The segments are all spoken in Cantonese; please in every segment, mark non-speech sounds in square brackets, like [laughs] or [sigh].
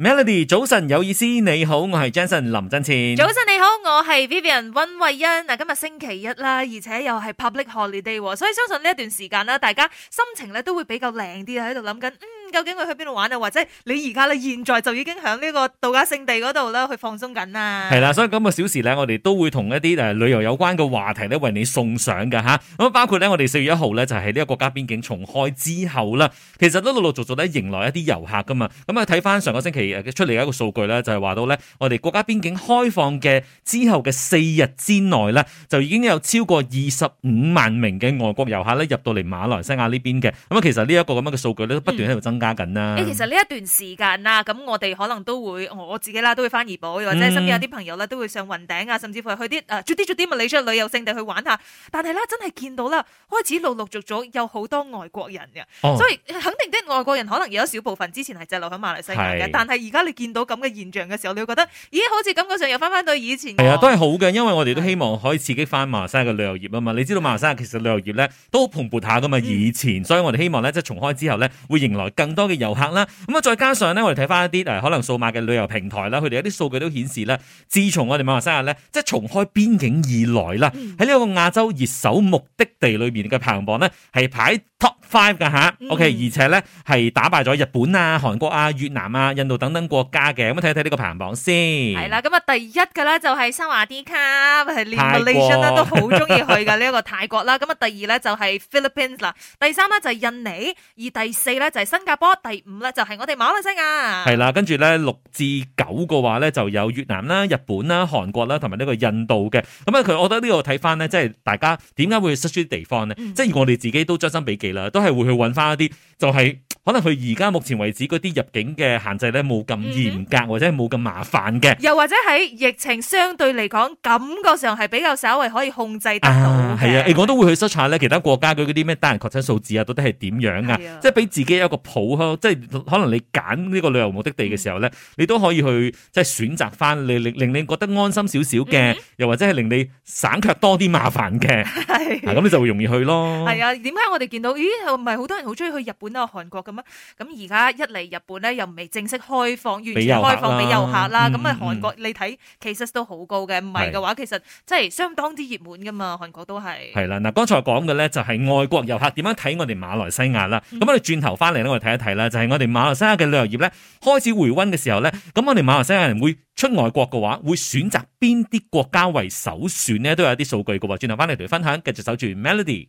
Melody 早晨，有意思。你好，我係 Jason 林振前。早晨你好，我係 Vivian 溫慧欣。嗱，今日星期一啦，而且又係 Public Holiday，所以相信呢一段時間啦，大家心情咧都會比較靚啲啊，喺度諗緊嗯究竟佢去邊度玩啊？或者你而家咧現在就已經喺呢個度假勝地嗰度啦，去放鬆緊啦。係啦，所以今個小時咧，我哋都會同一啲誒旅遊有關嘅話題咧，為你送上嘅吓。咁包括咧，我哋四月一號咧就係呢個國家邊境重開之後啦，其實都陸陸續續咧迎來一啲遊客噶嘛。咁啊，睇翻上個星期出嚟嘅一個數據咧，就係話到咧，我哋國家邊境開放嘅之後嘅四日之內咧，就已經有超過二十五萬名嘅外國遊客咧入到嚟馬來西亞呢邊嘅。咁啊，其實呢一個咁樣嘅數據咧，都不斷喺度增嗯加緊啦！誒，其實呢一段時間啦，咁我哋可能都會我自己啦，都會翻怡保，或者身邊有啲朋友啦，都會上雲頂啊，甚至乎去啲誒，啲做啲唔理出旅遊勝地去玩下。但係咧，真係見到啦，開始陸陸續續有好多外國人嘅，哦、所以肯定啲外國人可能有一小部分之前係滯留喺馬來西亞嘅，是但係而家你見到咁嘅現象嘅時候，你會覺得咦，好似感覺上又翻翻到以前。係啊，都係好嘅，因為我哋都希望可以刺激翻馬來西亞嘅旅遊業啊嘛。你知道馬來西亞其實旅遊業咧都蓬勃下㗎嘛，以前，嗯、所以我哋希望咧即係重開之後咧會迎來更更多嘅遊客啦，咁啊再加上咧，我哋睇翻一啲誒，可能數碼嘅旅遊平台啦，佢哋有啲數據都顯示咧，自從我哋馬來西亞咧即係重開邊境以來啦，喺呢個亞洲熱搜目的地裏面嘅排行榜咧係排。Top five 噶吓，OK，嗯、而且咧係打敗咗日本啊、韓國啊、越南啊、印度等等國家嘅，咁睇一睇呢個排行榜先。係啦，咁啊第一嘅咧就係沙哇啲卡，係連 Malaysia 國都好中意去嘅呢一個泰國啦。咁啊第二咧就係 Philippines 啦，第三咧就係印尼，而第四咧就係新加坡，第五咧就係我哋馬來西亞。係啦，跟住咧六至九嘅話咧就有越南啦、日本啦、韓國啦同埋呢個印度嘅。咁啊佢，我覺得呢度睇翻咧，即係大家點解會失去啲地方咧？嗯、即係如果我哋自己都將心比己。啦，都係會去搵翻一啲，就係。可能佢而家目前為止嗰啲入境嘅限制咧冇咁嚴格，或者冇咁麻煩嘅、嗯。又或者喺疫情相對嚟講，感覺上係比較稍為可以控制得到。係啊，我、啊、都會去 search 下咧，其他國家佢嗰啲咩單人確診數字啊，到底係點樣啊？即係俾自己一個譜，即係可能你揀呢個旅遊目的地嘅時候咧，嗯、你都可以去即係選擇翻你令令你覺得安心少少嘅，嗯、又或者係令你省卻多啲麻煩嘅。係咁是、啊、你就會容易去咯。係啊，點解我哋見到咦，唔係好多人好中意去日本啊、韓國咁？咁而家一嚟日本咧，又未正式開放，完全開放俾遊客啦。咁啊，韓國你睇其實都好高嘅，唔係嘅話，其實即係相當之熱門噶嘛。韓國都係係啦。嗱，剛才講嘅咧就係外國遊客點樣睇我哋馬來西亞啦。咁、嗯、我哋轉頭翻嚟咧，我哋睇一睇啦，就係、是、我哋馬來西亞嘅旅遊業咧開始回溫嘅時候咧。咁我哋馬來西亞人會出外國嘅話，會選擇邊啲國家為首選呢？都有啲數據㗎喎。轉頭翻嚟同你分享，繼續守住 Melody。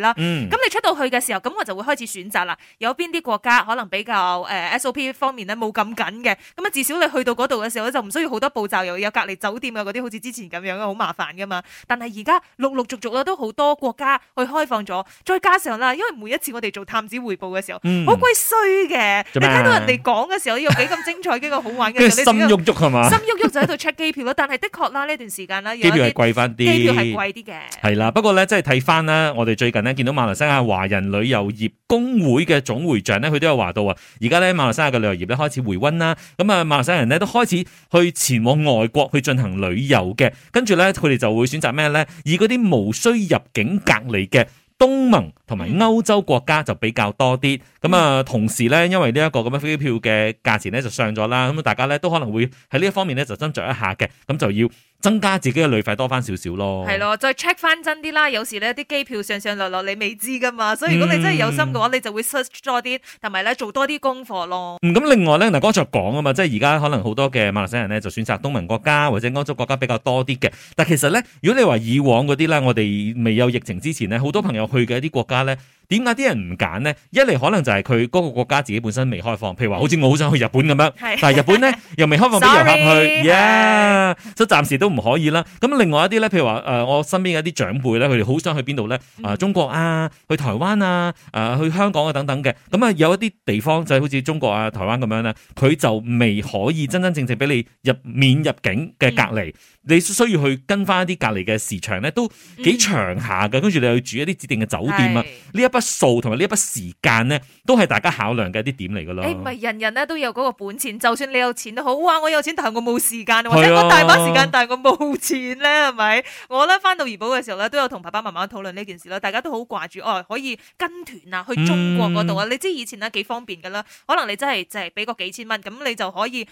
啦，咁、嗯、你出到去嘅時候，咁我就會開始選擇啦。有邊啲國家可能比較誒、呃、SOP 方面咧冇咁緊嘅，咁啊，至少你去到嗰度嘅時候，就唔需要好多步驟，又有隔離酒店啊嗰啲，好似之前咁樣啊，好麻煩噶嘛。但係而家陸陸續續都好多國家去開放咗，再加上啦，因為每一次我哋做探子匯報嘅時候，好鬼、嗯、衰嘅，麼你睇到人哋講嘅時候，有幾咁精彩，幾個 [laughs] 好玩嘅。心喐喐係嘛？ [laughs] 心喐喐就喺度 check 機票咯。但係的確啦，呢段時間啦，機票係貴翻啲，機票係貴啲嘅。係啦，不過咧，即係睇翻啦，我哋最近。咧見到馬來西亞華人旅遊業公會嘅總會長咧，佢都有話到啊！而家咧馬來西亞嘅旅遊業咧開始回溫啦，咁啊馬來西亞人咧都開始去前往外國去進行旅遊嘅，跟住咧佢哋就會選擇咩咧？以嗰啲無需入境隔離嘅東盟同埋歐洲國家就比較多啲。咁啊，同時咧，因為呢一個咁嘅飛機票嘅價錢咧就上咗啦，咁大家咧都可能會喺呢一方面咧就斟酌一下嘅，咁就要。增加自己嘅旅費多翻少少咯，係咯，再 check 翻真啲啦。有時呢啲機票上上落落你未知㗎嘛，所以如果你真係有心嘅話，嗯、你就會 search 多啲，同埋咧做多啲功課咯。咁、嗯、另外呢，嗱，剛才講啊嘛，即係而家可能好多嘅馬來西亞人呢，就選擇東盟國家或者歐洲國家比較多啲嘅。但其實呢，如果你話以往嗰啲呢，我哋未有疫情之前呢，好多朋友去嘅一啲國家呢。點解啲人唔揀呢？一嚟可能就係佢嗰個國家自己本身未開放，譬如話好似我好想去日本咁樣，是的 但係日本呢 [laughs] 又未開放俾遊客去，所以暫時都唔可以啦。咁另外一啲呢，譬如話誒、呃，我身邊嘅一啲長輩呢，佢哋好想去邊度呢？啊、呃，中國啊，去台灣啊、呃，去香港啊等等嘅。咁啊，有一啲地方就係好似中國啊、台灣咁樣呢，佢就未可以真真正正俾你入免入境嘅隔離，嗯、你需要去跟翻一啲隔離嘅時長呢，都幾長下嘅。跟住、嗯、你去住一啲指定嘅酒店啊，呢一這一筆數同埋呢一筆時間咧，都係大家考量嘅一啲點嚟噶咯。你唔係人人咧都有嗰個本錢，就算你有錢都好啊，我有錢，但係我冇時間，啊、或者我大把時間，但係我冇錢咧，係咪？我咧翻到怡寶嘅時候咧，都有同爸爸媽媽討論呢件事啦。大家都好掛住，哦、哎，可以跟團啊，去中國嗰度啊。嗯、你知以前咧幾方便噶啦，可能你真係真係俾個幾千蚊，咁你就可以咩、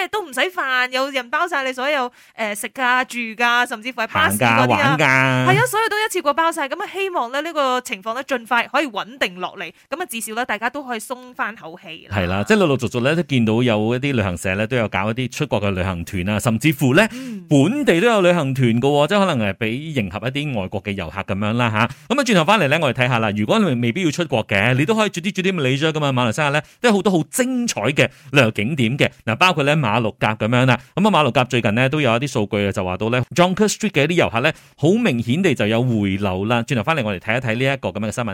呃、都唔使煩，有人包晒你所有誒、呃、食噶住噶，甚至乎係 party 嗰啲啊，係些的啊，所以都一次過包晒。咁希望咧呢、呢個情況咧進快可以穩定落嚟，咁啊至少咧，大家都可以鬆翻口氣啦。係啦，即係陸陸續續咧都見到有一啲旅行社咧都有搞一啲出國嘅旅行團啦，甚至乎咧本地都有旅行團嘅，嗯、即係可能誒俾迎合一啲外國嘅遊客咁樣啦嚇。咁啊轉頭翻嚟咧，我哋睇下啦，如果你未必要出國嘅，你都可以住啲住啲 Malaysia 馬來西亞咧，亞都有好多好精彩嘅旅遊景點嘅嗱，包括咧馬六甲咁樣啦。咁啊馬六甲最近呢，都有一啲數據就話到咧 Jonker、er、Street 嘅一啲遊客咧，好明顯地就有回流啦。轉頭翻嚟，我哋睇一睇呢一個咁嘅新聞。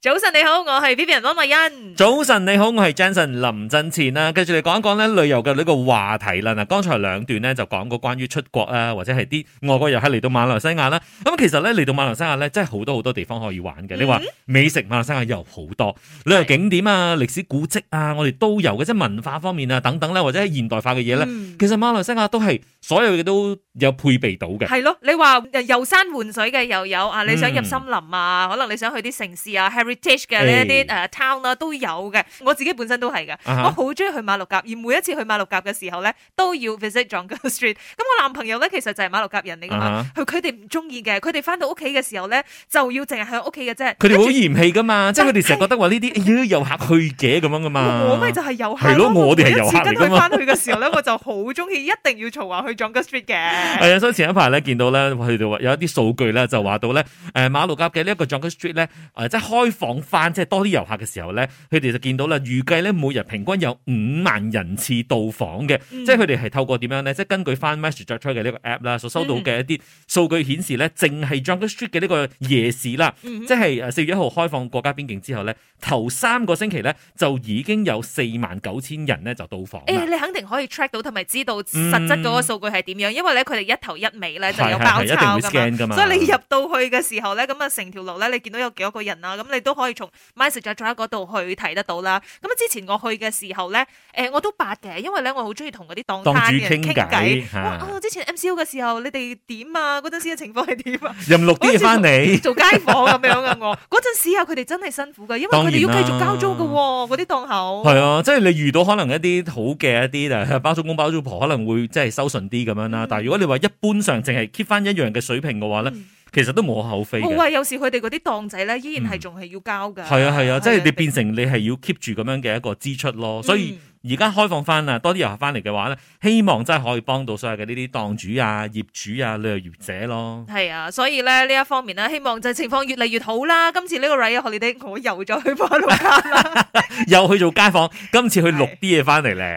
早晨你好，我係 Vivian 溫麗欣。早晨你好，我係 Jason 林振前啦、啊。跟住嚟講一講咧旅遊嘅呢個話題啦。嗱，剛才兩段咧就講過關於出國啊，或者係啲外國遊客嚟到馬來西亞啦。咁、嗯、其實咧嚟到馬來西亞咧，真係好多好多地方可以玩嘅。你話美食馬來西亞有好多、嗯、旅遊景點啊、歷史古蹟啊，我哋都有嘅，即係文化方面啊等等咧，或者係現代化嘅嘢咧。嗯、其實馬來西亞都係所有嘢都有配備到嘅。係咯，你話遊山玩水嘅又有啊，你想入森林啊，嗯、可能你想去啲城市啊。British 嘅呢一啲誒 town 啦都有嘅，我自己本身都係嘅，我好中意去馬六甲，而每一次去馬六甲嘅時候咧，都要 visit Jungle Street。咁我男朋友咧其實就係馬六甲人嚟噶嘛，佢哋唔中意嘅，佢哋翻到屋企嘅時候咧，就要淨係喺屋企嘅啫。佢哋好嫌棄噶嘛，即係佢哋成日覺得話呢啲遊客去嘅咁樣噶嘛。我咪就係遊客，係咯，我哋係遊客啊嘛。跟佢翻去嘅時候咧，我就好中意，一定要嘈話去 Jungle Street 嘅。係啊，所以前一排咧見到咧，佢哋有一啲數據咧，就話到咧，誒馬六甲嘅呢一個 Jungle Street 咧，誒即係開。訪翻即係多啲遊客嘅時候咧，佢哋就見到啦。預計咧每日平均有五萬人次到訪嘅、嗯嗯，即係佢哋係透過點樣咧？即係根據翻 m a e r j s t r e c k 嘅呢個 app 啦，所收到嘅一啲數據顯示咧，淨係 Jungle Street 嘅呢個夜市啦，嗯嗯嗯即係四月一號開放國家邊境之後咧，頭三個星期咧就已經有四萬九千人咧就到訪。誒、哎，你肯定可以 track 到同埋知道實質嗰個數據係點樣，嗯、因為咧佢哋一頭一尾咧就有包抄㗎嘛。所以你入到去嘅時候咧，咁啊成條路咧，你見到有幾多個人啊？咁你都可以從 message 仲喺嗰度去睇得到啦。咁啊，之前我去嘅時候咧，誒、呃、我都白嘅，因為咧我好中意同嗰啲檔主傾偈。哇啊，之前 MCO 嘅時候，你哋點啊？嗰陣時嘅情況係點啊？任六啲翻你做街坊咁樣嘅我，嗰陣時啊，佢哋 [laughs] 真係辛苦嘅，因為佢哋要繼續交租嘅喎、啊。嗰啲、啊、檔口係啊，即係你遇到可能一啲好嘅一啲包租公包租婆，可能會即係收順啲咁樣啦。嗯、但係如果你話一般上淨係 keep 翻一樣嘅水平嘅話咧。嗯。其實都冇可厚非、哦。唔啊，有時佢哋嗰啲檔仔咧，依然係仲係要交嘅。係啊係啊，是啊嗯、即係你變成你係要 keep 住咁樣嘅一個支出咯，所以。嗯而家開放翻啦，多啲遊客翻嚟嘅話咧，希望真係可以幫到所有嘅呢啲檔主啊、業主啊、旅遊業者咯。係啊，所以咧呢一方面咧，希望就情況越嚟越好啦。今次呢個 ride 學你哋，我又再去翻啦，又去做街訪。今次去錄啲嘢翻嚟咧。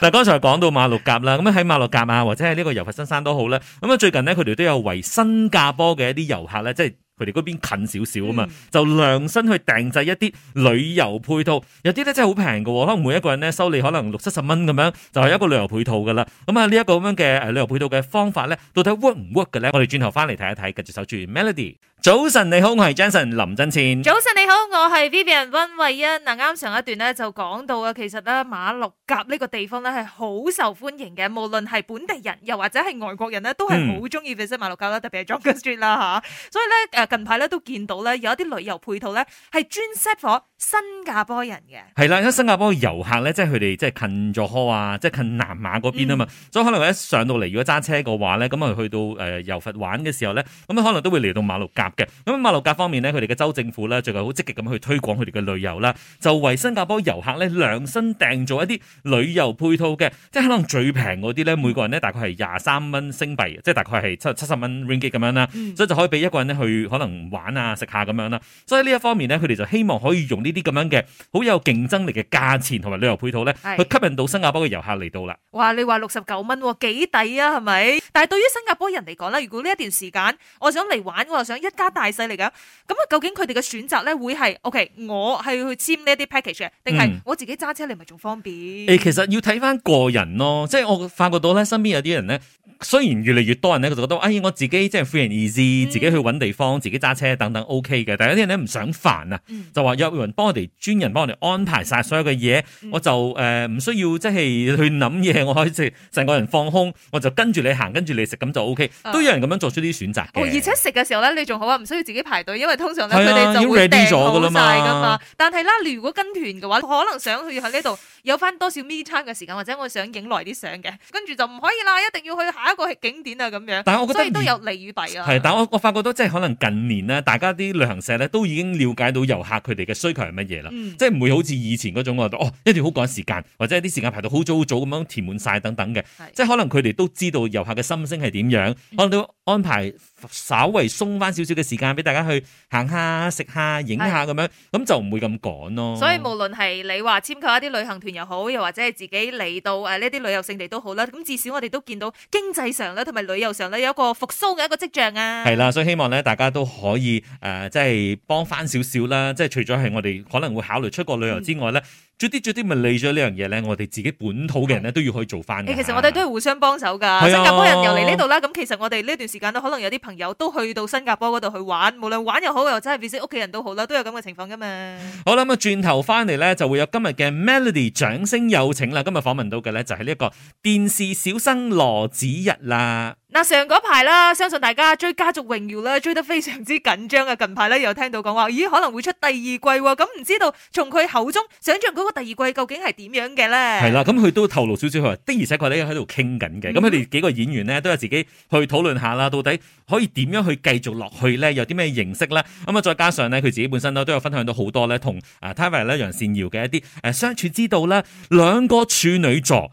嗱，剛才講到馬六甲啦，咁喺馬六甲啊，或者係呢個遊佛新山都好啦。咁啊最近咧，佢哋都有為新加坡嘅一啲遊客咧，即係。佢哋嗰邊近少少啊嘛，就量身去訂製一啲旅遊配套，有啲咧真係好平嘅，可能每一個人咧收你可能六七十蚊咁樣，就係一個旅遊配套嘅啦。咁啊，呢一個咁樣嘅誒旅遊配套嘅方法咧，到底 work 唔 work 嘅咧？我哋轉頭翻嚟睇一睇，繼續守住 Melody。早晨，你好，我係 Jason 林振前。早晨，你好，我係 Vivian 溫慧欣。嗱，啱上一段咧就講到啊，其實咧馬六甲呢個地方咧係好受歡迎嘅，無論係本地人又或者係外國人咧，都係好中意去食馬六甲啦，特別係 Jonker Street 啦吓。所以咧，誒近排咧都見到咧有一啲旅遊配套咧係專 set 咗新加坡人嘅。係啦，因為新加坡嘅遊客咧，即係佢哋即係近咗呵啊，即係近南馬嗰邊啊嘛，嗯、所以可能一上到嚟，如果揸車嘅話咧，咁啊去到誒柔、呃、佛玩嘅時候咧，咁啊可能都會嚟到馬六甲。嘅咁馬六甲方面呢，佢哋嘅州政府呢，最近好積極咁去推廣佢哋嘅旅遊啦，就為新加坡遊客呢，量身訂做一啲旅遊配套嘅，即係可能最平嗰啲呢，每個人呢大概係廿三蚊星幣，即係大概係七七十蚊 Ringgit 咁樣啦，所以就可以俾一個人咧去可能玩啊食下咁樣啦。所以呢一方面呢，佢哋就希望可以用呢啲咁樣嘅好有競爭力嘅價錢同埋旅遊配套呢，是去吸引到新加坡嘅遊客嚟到啦。哇！你話六十九蚊幾抵啊，係咪？但係對於新加坡人嚟講呢，如果呢一段時間我想嚟玩，我又想一揸大細嚟噶，咁啊，究竟佢哋嘅選擇咧會係，OK，我係去簽呢一啲 package，定係我自己揸車嚟咪仲方便？誒，其實要睇翻個人咯，即係我發覺到咧，身邊有啲人咧，雖然越嚟越多人咧，佢就覺得，哎呀，我自己即係 free and easy，、嗯、自己去揾地方，自己揸車等等 OK 嘅，但係有啲人咧唔想煩啊，嗯、就話有人幫我哋專人幫我哋安排晒所有嘅嘢，嗯嗯、我就誒唔、呃、需要即係去諗嘢，我可以即係成個人放空，我就跟住你行，跟住你食，咁就 OK，都有人咁樣做出啲選擇嘅。而且、哦、食嘅時候咧，你仲好。唔需要自己排隊，因為通常咧佢哋就會訂咗噶啦嘛。嘛但係咧，如果跟團嘅話，可能想去喺呢度有翻多少 me time 嘅時間，或者我想影耐啲相嘅，跟住就唔可以啦，一定要去下一個景點啊咁樣。但係我覺得都有利與弊啊。但我我發覺到即係可能近年呢，大家啲旅行社咧都已經了解到遊客佢哋嘅需求係乜嘢啦，嗯、即係唔會好似以前嗰種話，哦，一定要好趕時間，或者啲時間排到好早好早咁樣填滿曬等等嘅。是即係可能佢哋都知道遊客嘅心聲係點樣，嗯、可能都安排稍微鬆翻少少。時間俾大家去行下、食下、影下咁樣，咁是的 就唔會咁趕咯。所以無論係你話簽購一啲旅行團又好，又或者係自己嚟到誒呢啲旅遊勝地都好啦。咁至少我哋都見到經濟上咧，同埋旅遊上咧有一個復甦嘅一個跡象啊。係啦，所以希望咧大家都可以誒，即係幫翻少少啦。即係除咗係我哋可能會考慮出國旅遊之外咧。嗯逐啲啲咪理咗呢樣嘢咧，我哋自己本土嘅人咧都要可以做翻嘅、欸。其實我哋都係互相幫手噶，啊、新加坡人又嚟呢度啦。咁其實我哋呢段時間咧，可能有啲朋友都去到新加坡嗰度去玩，無論玩又好，又真係 visit 屋企人都好啦，都有咁嘅情況噶嘛。好啦，咁啊轉頭翻嚟咧，就會有今日嘅 Melody 掌聲有請啦。今日訪問到嘅咧就係呢一個電視小生羅子日啦。嗱，上嗰排啦，相信大家追，追《家族榮耀》啦，追得非常之緊張呀。近排咧，又聽到講話，咦可能會出第二季喎？咁唔知道從佢口中想象嗰個第二季究竟係點樣嘅咧？係啦，咁佢都透露少少佢話，的而且確咧喺度傾緊嘅。咁佢哋幾個演員咧都有自己去討論下啦，到底可以點樣去繼續落去咧？有啲咩形式咧？咁啊，再加上咧佢自己本身咧都有分享到好多咧，同啊 t a v a 咧楊善瑤嘅一啲誒相處之道咧。兩個處女座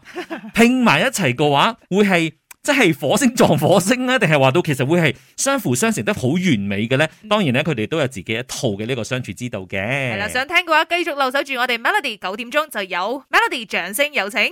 拼埋一齊嘅話，會係。即係火星撞火星咧，啊，定係話到其實會係相輔相成得好完美嘅咧？當然咧，佢哋都有自己一套嘅呢個相處之道嘅。係啦，想聽嘅話繼續留守住我哋 Melody，九點鐘就有 Melody 掌聲有請。